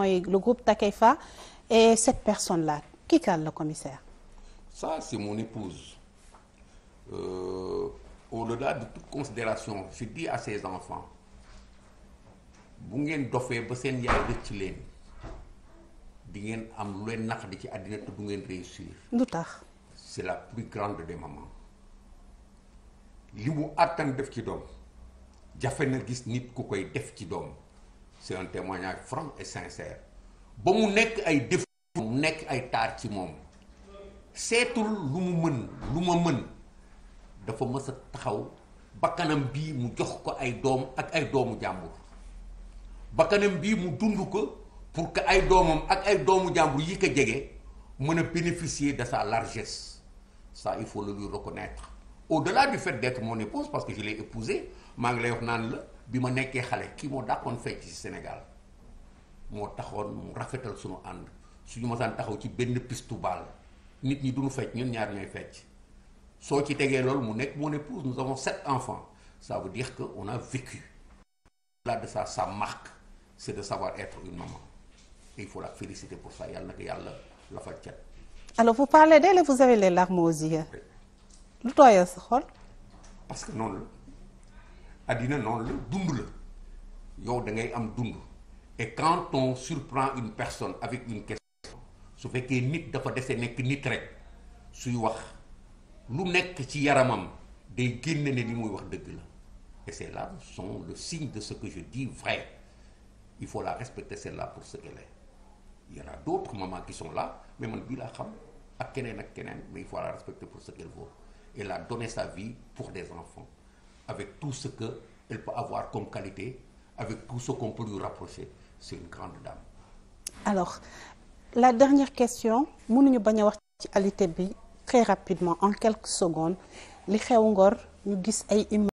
mooy le groupe Takefa et cette personne là qui calme le commissaire. ça c'est mon épouse euh, au-delà de toute considération je dis à ses enfants bu ngeen dofee ba seen yaay ci leen di ngeen am lu leen naq di ci àddina te du ngeen réussir. lu tax. c'est la plus grande des mamans li mu àttan def ci doom jafe na gis nit ku koy def ci doom. c'est un témoignage franc et sincère ba mu nekk ay défaut mu nekk ay taar ci moom seetul lu mu mën lu ma mën dafa mësa taxaw bakkanam bii mu jox ko ay doom ak ay doomu jàmbur bakkanam bii mu dund ko pour que ay doomam ak ay doomu jàmbur yi ko jege mën a bénéficier de sa largesse ça il faut le lui reconnaître au-delà du fait d'être mon épouse parce que je l'ai épousée maa ngi lay wax naan la bi ma nekkee xale kii moo dàqoon fecc ci Sénégal moo taxoon mu rafetal suñu ànd suñu masaan taxaw ci benn pistu baal nit ñi duñu fecc ñun ñaar ñooy fecc soo ci tegee loolu mu nekk moo épouse nous avons sept enfants ça veut dire que on a vécu là de ça sa marque c'est de savoir être une maman et il faut la féliciter pour ça yàlla na yàlla la fa cet alors vous parlez d'elle et lu tooyal sa xol. parce que noonu la àddina noonu la dund la yow da ngay am dund et quand on surprend une personne avec une question su fekkee nit dafa dese nekk nit rek suy wax lu nekk ci yaramam day génne ne li muy wax dëgg la et c'est là sont le signe de ce que je dis vrai il faut la respecter celle-là pour ce qu'elle est il y en a d'autres mamans qui sont là mais man bii laa xam ak keneen ak keneen mais il faut la respecter pour ce qu'elle vaut elle a donné sa vie pour des enfants, avec tout ce qu'elle peut avoir comme qualité, avec tout ce qu'on peut lui rapprocher. C'est une grande dame. Alors, la dernière question, mënuñu bañ a wax ci alité bi très rapidement en quelques secondes li xew Ngor ñu gis ay